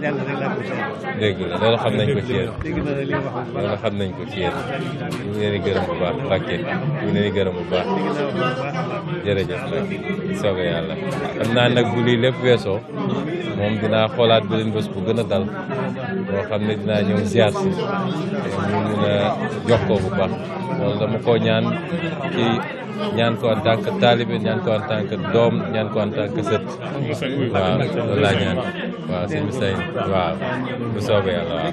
dégg la loolu xam nañ ko ci yéen loolu xam nañ ko ci yéen ñu ngi leen di gërëm bu baax Mbàkke ñu ngi gërëm bu baax jërëjëf nag sooga yàlla xam naa nag bu lii lépp weesoo moom dinaa xoolaat beneen bés bu gën a dal boo xam ne dinaa ñëw ziar si ñu mun a jox ko bu baax loolu dama koo ñaan ci ñaan ko en tant que ñaan ko en tant doom ñaan ko en tant sët waaw loolu laa ñaan waaw sëñ bi say waaw bu soobee yàlla waaw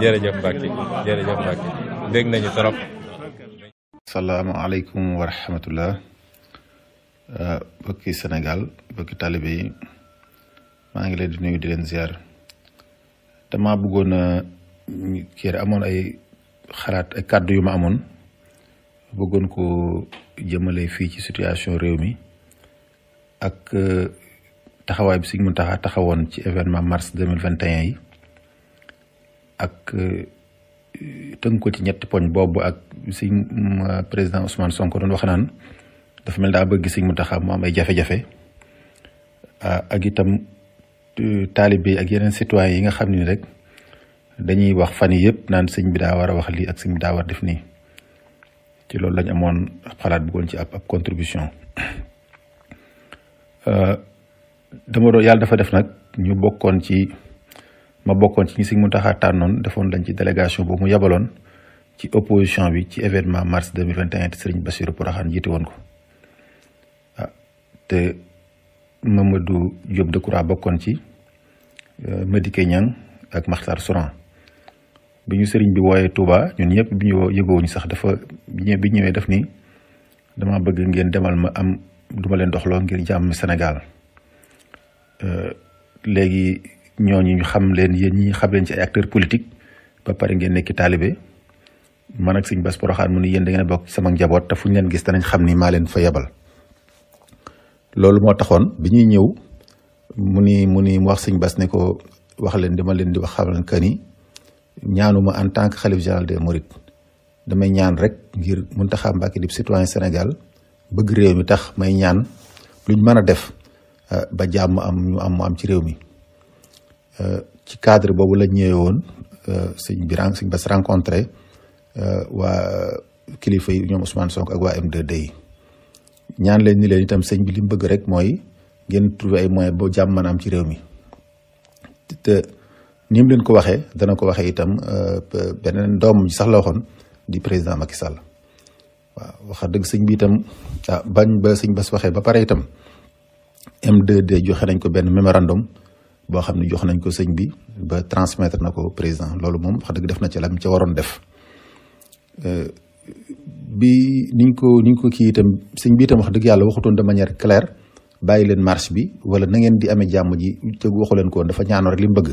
jërëjëf nañu trop. salaamaaleykum wa rahmatullah mbokki euh, Sénégal mbokki talibe yi maa ngi leen di nuyu di leen ziar dama bëggoon a euh, kii amoon ay xalaat ay kàddu yu ma amoon bëggoon ko jëmale fii ci situation réew mi ak. Euh, taxawaay bi Sëñ Muntaxa taxawoon ci événement mars deux mille vingt et un yi ak euh, tënk ko ci ñetti poñ boobu ak Sëñ mm, euh, président Ousmane Sonko doon wax naan dafa mel daa bëgg Sëñ Muntaxa mu am ay jafe-jafe euh, ak itam taalibe yi ak yeneen citoyen yi nga xam ni rek dañuy wax fan yëpp naan sëñ bi daa war a wax lii ak sëñ bi daa war def nii ci loolu lañ amoon xalaat buggoon ci ab ab contribution dama doon yàlla dafa def nag ñu bokkoon ci ma bokkoon ci ñi si Mountakha tànnoon defoon lañ ci délégation boobu mu yabaloon ci opposition bi ci événement mars 2021 te Serigne Bassirou Porokhane jiite woon ko ah te Mamadou Diop Decroix bokkoon ci euh, Madické Niang ak Makhtar Souran bu ñu sëriñ bi wooyee Touba ñun ñëpp bi ñu yëgowuñu sax dafa bi ñëwee def nii dama bëgg ngeen demal ma am duma leen doxloo ngir jàmm Sénégal Euh, léegi ñooñu ñu xam leen yéen ñi xam leen ci ay politique politiques ba pare ngeen nekki taalibe man ak sëñ Bass Porokhane mu ni yéen da ngeen bokk sama njaboot te fu ñu leen gis danañ xam ni maa leen fa yebal loolu moo taxoon bi ñuy ñëw mu ni mu ni mu wax sëñ Bass ne ko wax leen dama leen di wax xam leen que ni ñaanuma en tant que xalif général des Mourides damay ñaan rek ngir Mountakha Mbacké di citoyen Sénégal bëgg réew mi tax may ñaan luñ mën a def Euh, ba jàmm am ñu am am ci réew mi euh, ci cadre boobu la ñëwee woon euh, sëñ bi sëñ Bass rencontré waa kilifa yi ñoom Ousmane Sonko ak waa m ñaan leen ni leen itam sëñ bi li mu bëgg rek mooy ngeen trouver ay moyens ba jàmm mën am ci réew mi te ni leen ko waxee dana ko waxee itam beneen doom ji sax di président Macky sàll waaw wax dëgg sëñ bi itam ah bañ ba sëñ Bass waxee ba pare itam. m joxe nañ ko benn mémorandum boo xam ne jox nañ ko sëñ bi ba transmettre na ko président loolu moom wax dëgg def na ci lam ca waroon def euh, bi niñ ko niñ ko kii itam sëñ bi itam wax dëgg yàlla waxutoon de manière claire bàyyi leen marche bi wala na ngeen di amee jàmm ji te waxu leen ko dafa ñaano rek li mu bëgg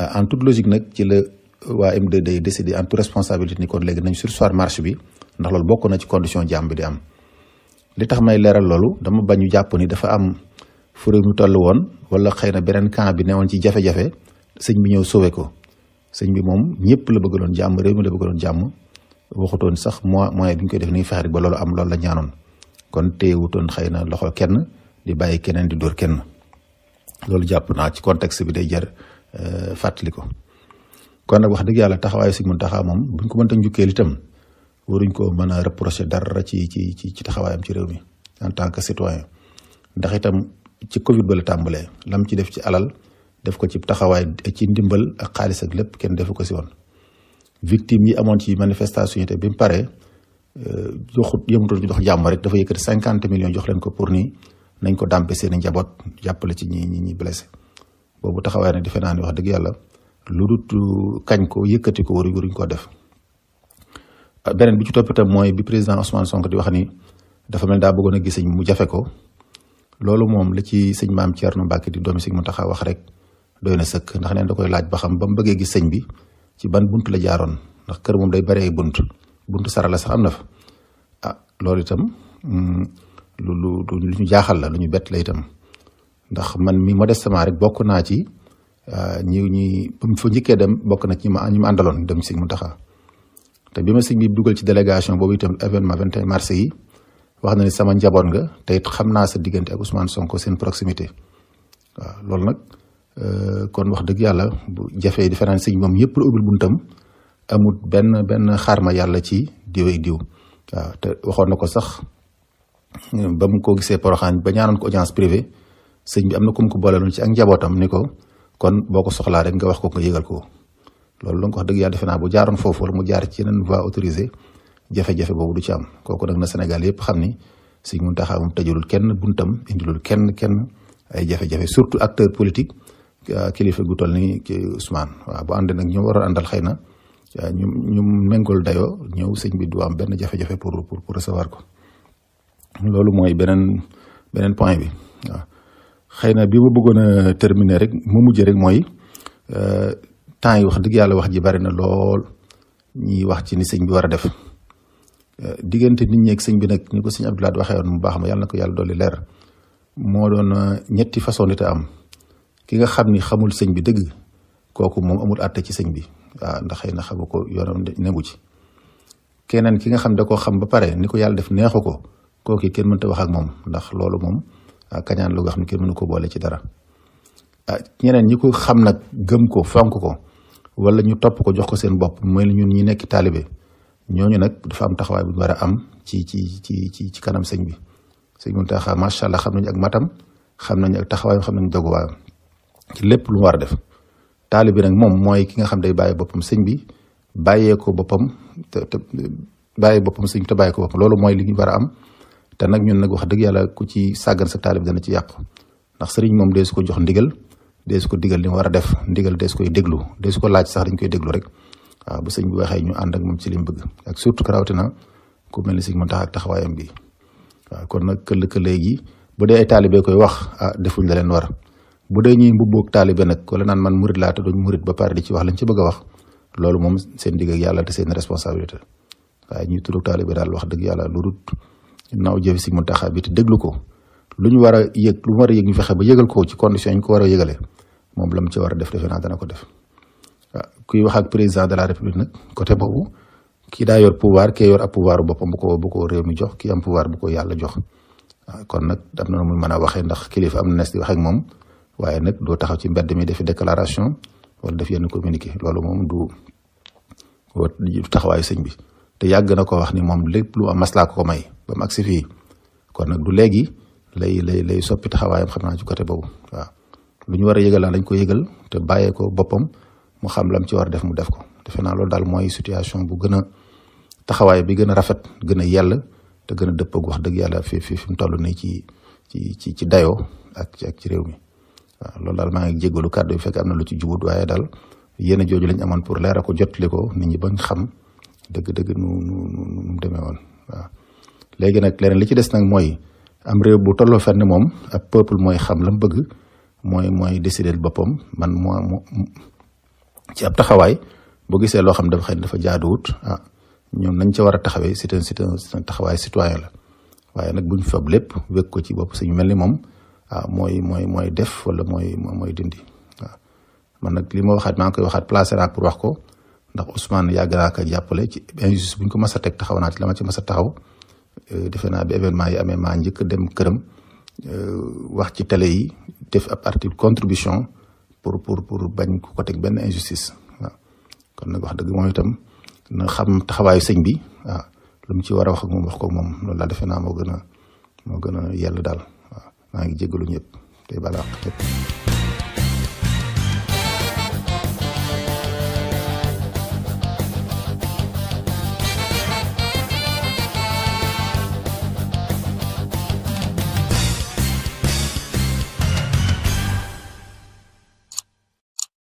euh, en toute logique nag ci la waa M2D décidé en toute responsabilité ni kon léegi nañ sur sursoir marche bi ndax loolu bokk na ci condition jàmm bi di am. li tax may leeral loolu dama bañ ñu jàpp ni dafa am fu réew mi toll woon wala xëy na beneen camp bi newoon ci jafe-jafe sëñ bi ñëw sauvé ko sëñ bi moom ñëpp la bëggaloon jàmm réew mi la bëggaloon jàmm waxutoon sax mois moyen bi koy def ni fexe ba loolu am loolu la ñaanoon kon téyewutoon xëy na loxo kenn di bàyyi keneen di dóor kenn loolu jàpp naa ci contexte bi day jar euh, fàttali ko kon nag wax dëgg yàlla taxawaayu sëñ Muntaxa moom buñ ko mënta njukkee itam waruñ koo mën a reprocher dara ci ci ci ci taxawaayam ci réew mi en tant que citoyen ndax itam ci Covid ba la lam ci def ci alal def ko ci taxawaay ci ndimbal ak xaalis lépp kenn defu ko si woon. victime yi amoon ci manifestation yi te bi mu paree euh, joxut yëmutoon jox jàmm rek dafa yëkkati cinquante million jox leen ko pour ni nañ ko dàmpe seen njaboot jàppale ci ñi ñi ñi blessé boobu taxawaay nag defe naa ne wax dëgg yàlla lu dut euh, kañ ko yëkkati ko waruñ waruñ koo def. beneen bi ci topp mooy bi président Ousmane Sonko di wax ni dafa mel daa bëggoon a gis mu jafe ko loolu moom li ci sëñ maam Thierno Mbacke di doomi mu taxa wax rek doy na sëkk ndax neen da koy laaj ba xam ba bëggee gis sëñ bi ci ban bunt la jaaroon ndax kër moom day bari ay bunt buntu saral la sax am na fa ah loolu itam mm, lu lu lu ñu jaaxal la lu ñu bett la itam ndax man mi modestement rek bokk naa ci ah, ñi ñi ba mu fa njëkkee dem bokk na ci ma ñi ma àndaloon dem sëñ Mountakha te bi ma sëñ bi dugal ci délégation boobu itam événement 21 mars yi wax na ni sama njaboot nga te xam naa sa diggante ak Ousmane Sonko seen proximité waaw loolu nag euh, kon wax dëgg yàlla bu jafee di fanaan sëñ moom yëpp la ubbil buntam amut benn benn xaarma yàlla ci diw diw waaw te waxoon na ko sax euh, ba mu ko gisee poroxaan ba ñaanoon ko audience privée sëñ bi am na kom mu ko boole ci ak njabootam ni ko kon boo ko soxlaa rek nga wax ko nga yëgal ko loolu la wax dëgg yàlla defe bu jaaroon foofu mu jaar ci yeneen voie autorisée jafe boobu du ci am kooku nag na Sénégal yëpp xam ni Sëriñ Muntaxa moom tëjalul kenn buntam indilul kenn kenn ay jafe surtout acteur politique euh, kilifa gu toll ni ki Ousmane waaw bu ànd nag ñu war a àndal xëy na euh, ñu ñu méngool dayoo ñëw sëñ bi du am benn jafe-jafe pour pour recevoir ko loolu mooy beneen beneen point bi waaw na bi ma bëggoon a terminer rek mu mujj rek mooy euh, temps yi wax dëgg yàlla wax ji bari na lool ñiy wax ci ni sëñ bi war a def diggante nit ñeeg sëñ bi nag ni ko sëñ Abdou Lahad waxee woon mu baax ma yàlla na ko yàlla dolli leer moo doon euh, ñetti façon nit am ki nga xam ni xamul sëñ bi dëgg kooku moom amul àtte ci sëñ bi waaw ah, xëy na xamu ko yoonam nebu ci keneen ki nga xam da koo xam ba pare ni ko yàlla def neexu ko kooku kenn mënta wax ak moom ndax loolu moom ah, kañaan lu xam ne kenn mënu ko boole ci dara ah, ñeneen ñi ko xam nag gëm ko fonk ko wala ñu topp ko jox ko seen bopp mooy ñun ñi nekk taalibe ñooñu nag dafa am taxawaay bu ñu am ci ci ci ci ci kanam sëñ bi sëñ Muntaxa macha allah xam ne ak matam xam nañu ak taxawaayam xam nañu doguwaayam ci lépp lu war a def taalibe nag moom mooy ki nga xam day bàyyi boppam sëñ bi bàyyee ko boppam te te bàyyi boppam sëñ te bàyyi ko boppam loolu mooy li ñu war a am te nag ñun nag wax dëgg yàlla ku ci sàggan sa taalib dana ci yàqu ndax sëriñ moom dee su ko jox ndigal. dees ko digal li mu war def ndigal dees koy déglu dees ko laaj sax dañ koy déglu rek waaw bu sëñ bi waxee ñu ànd moom ci li mu bëgg ak surtout que rawatina ku mel ni sëñ Muntaxa ak taxawaayam léegi bu dee ay taalibe koy wax ah defuñ leen war bu dee ñuy mbubboog taalibe nag wala naan man murit laa te duñ murit ba pare di ci wax lañ ci bëgg wax loolu moom seen digg yàlla te seen responsabilité waaye ñuy tudd taalibe daal wax dëgg yàlla lu dul naaw jëfe si Muntaxa bi te déglu ko lu ñu war a yëg lu mu war ñu fexe ba yëgal ko ci condition yi ñu ko war a yëgalee moom lam ci war a def defe naa dana ko def waaw ah, kuy wax ak président de la république nag côté boobu kii daa yor pouvoir kii yor a pouvoir boppam bu ko bu ko réew mi jox kii am pouvoir bu ko yàlla jox waaw ah, kon nag dam na muy mën a waxee ndax kilifa am na nees di wax ak moom waaye nag doo taxaw ci mbedd mi defi déclaration wala def yenn communiqué loolu moom du taxawaayu sëñ bi te yàgg na ko wax ni moom lépp lu am ko may ba mu agsi kon nag du léegi lay lay lay soppi taxawaayam xam naa ci côté boobu waaw. lu ñu war a yëgal dañ koy yëgal te bàyyee boppam mu xam lam ci war a def mu def ko defe naa loolu daal mooy situation bu gën a taxawaay bi gën a rafet gën a yell te gën a wax dëgg yàlla fi fi fi mu toll nii ci ci ci ci dayoo ak ak ci réew mi waaw loolu daal maa ngi jégalu kàddu yi fekk am na lu ci jubut waaye daal yéen a jooju lañ amoon pour leeral ko jotali ko nit ñi bañ xam dëgg-dëgg nu nu nu mu demee woon waaw. léegi nag leneen li ci des nag mooy am réew bu tolloo fenn moom ab peuple mooy xam la bëgg. mooy mooy décider boppam man moo moo ci ab taxawaay boo gisee loo xam dafa xëy dafa jaaduwut ah ñoom nañ ca war a taxawee c'est un c'est un taxawaay citoyen la waaye nag buñ foob lépp wékk ko ci bopp suñu mel ni moom ah, mooy mooy mooy def wala mooy mooy dindi waaw man nag li ma waxaat maa ngi koy waxaat placé naa pour wax ko ndax Ousmane yàgg naa ko jàppale ci injustice bu ñu ko mas a teg taxaw naa ci la ma ci mas a taxaw euh, defe naa bi événement yi amee maa njëkk dem këram euh, wax ci télé yi def ab partir contribution pour pour pour bañ ko ko teg benn injustice waaw kon nag wax dëgg moom itam na xam taxawaayu sëñ bi waaw lu mu ci war a wax moom wax ko moom loolu daal defe naa moo gën a moo gën a yell daal waaw maa ngi jégalu ñëpp tey balaa ñëpp.